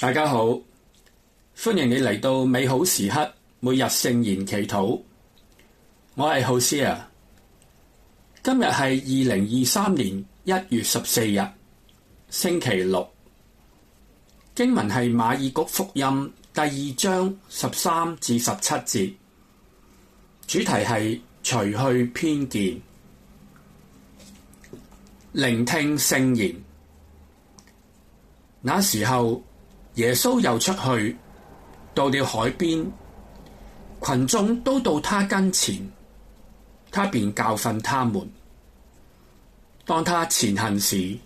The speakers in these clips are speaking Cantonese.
大家好，歡迎你嚟到美好時刻每日聖言祈禱。我係浩斯啊，今日係二零二三年一月十四日，星期六。經文係馬爾谷福音第二章十三至十七節，主題係除去偏見，聆聽聖言。那時候。耶穌又出去，到了海邊，群眾都到他跟前，他便教訓他們。當他前行時，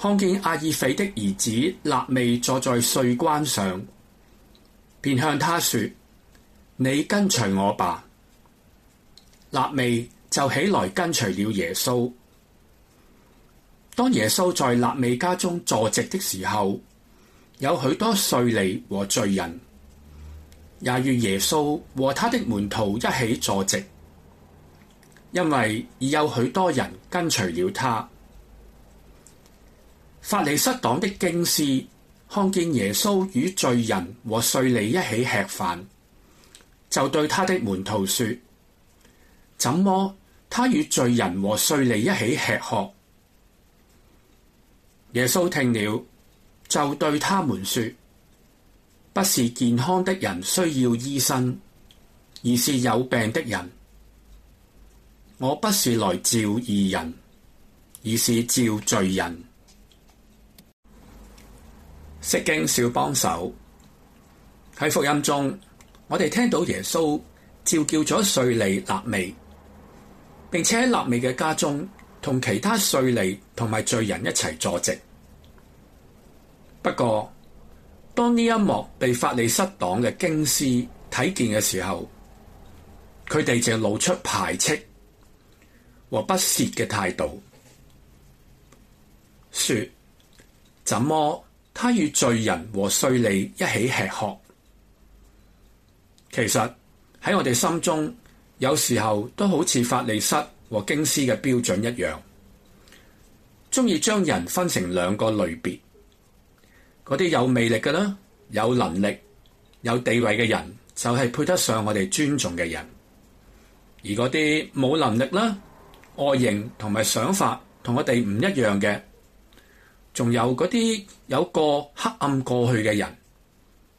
看見阿耳斐的兒子肋未坐在稅關上，便向他說：你跟隨我吧。肋未就起來跟隨了耶穌。當耶穌在肋未家中坐席的時候，有許多稅吏和罪人也與耶穌和他的門徒一起坐席，因為已有許多人跟隨了他。法利塞黨的經師看見耶穌與罪人和稅吏一起吃飯，就對他的門徒說：怎麼他與罪人和稅吏一起吃喝？耶穌聽了，就對他們說：不是健康的人需要醫生，而是有病的人。我不是來召義人，而是召罪人。釋經小幫手喺福音中，我哋聽到耶穌召叫咗稅吏肋未，並且喺肋未嘅家中同其他稅吏同埋罪人一齊坐席。不過，當呢一幕被法利塞黨嘅經師睇見嘅時候，佢哋就露出排斥和不屑嘅態度，說：「怎麼，他與罪人和稅吏一起吃喝？其實喺我哋心中，有時候都好似法利塞和經師嘅標準一樣，鍾意將人分成兩個類別。嗰啲有魅力嘅啦，有能力、有地位嘅人，就係配得上我哋尊重嘅人；而嗰啲冇能力啦、外形同埋想法同我哋唔一樣嘅，仲有嗰啲有個黑暗過去嘅人，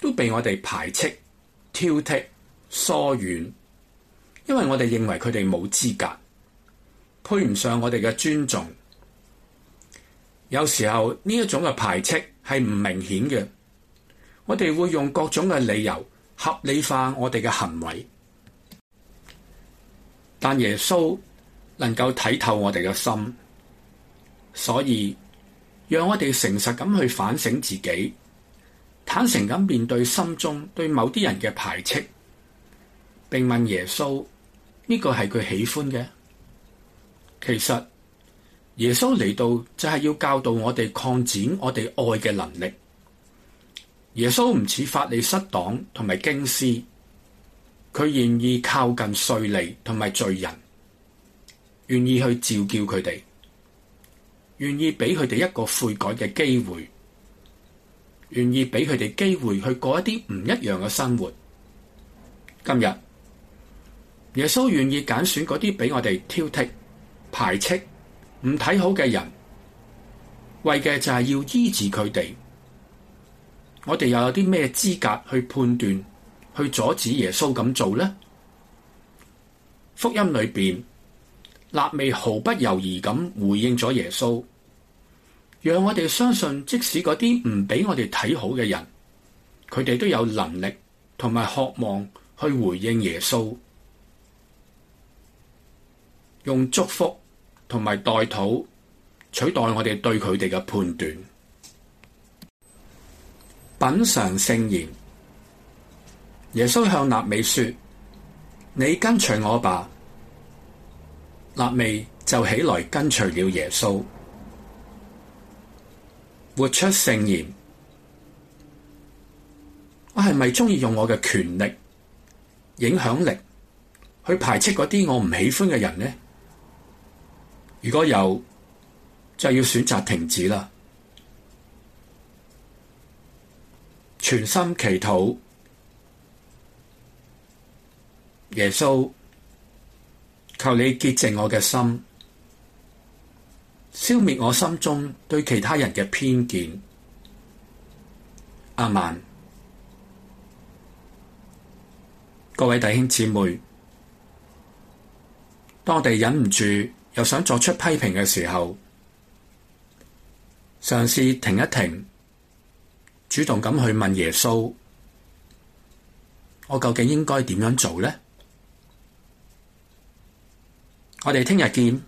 都被我哋排斥、挑剔、疏遠，因為我哋認為佢哋冇資格，配唔上我哋嘅尊重。有時候呢一種嘅排斥係唔明顯嘅，我哋會用各種嘅理由合理化我哋嘅行為，但耶穌能夠睇透我哋嘅心，所以讓我哋誠實咁去反省自己，坦誠咁面對心中對某啲人嘅排斥，並問耶穌，呢個係佢喜歡嘅，其實。耶穌嚟到就係要教導我哋擴展我哋愛嘅能力。耶穌唔似法利塞黨同埋經師，佢願意靠近稅吏同埋罪人，願意去召叫佢哋，願意俾佢哋一個悔改嘅機會，願意俾佢哋機會去過一啲唔一樣嘅生活。今日耶穌願意揀選嗰啲俾我哋挑剔、排斥，唔睇好嘅人，為嘅就係要醫治佢哋。我哋又有啲咩資格去判斷、去阻止耶穌咁做呢？福音裏邊，肋未毫不猶疑咁回應咗耶穌，讓我哋相信，即使嗰啲唔俾我哋睇好嘅人，佢哋都有能力同埋渴望去回應耶穌，用祝福。同埋代禱取代我哋對佢哋嘅判斷，品嘗聖言。耶穌向肋未說：「你跟隨我吧。肋未就起來跟隨了耶穌。活出聖言。我係咪鍾意用我嘅權力、影響力去排斥嗰啲我唔喜歡嘅人呢？」如果有，就要選擇停止啦。全心祈禱，耶穌求你潔淨我嘅心，消滅我心中對其他人嘅偏見。阿們，各位弟兄姊妹，當我哋忍唔住。又想作出批評嘅時候，嘗試停一停，主動咁去問耶穌：我究竟應該點樣做呢？我哋聽日見。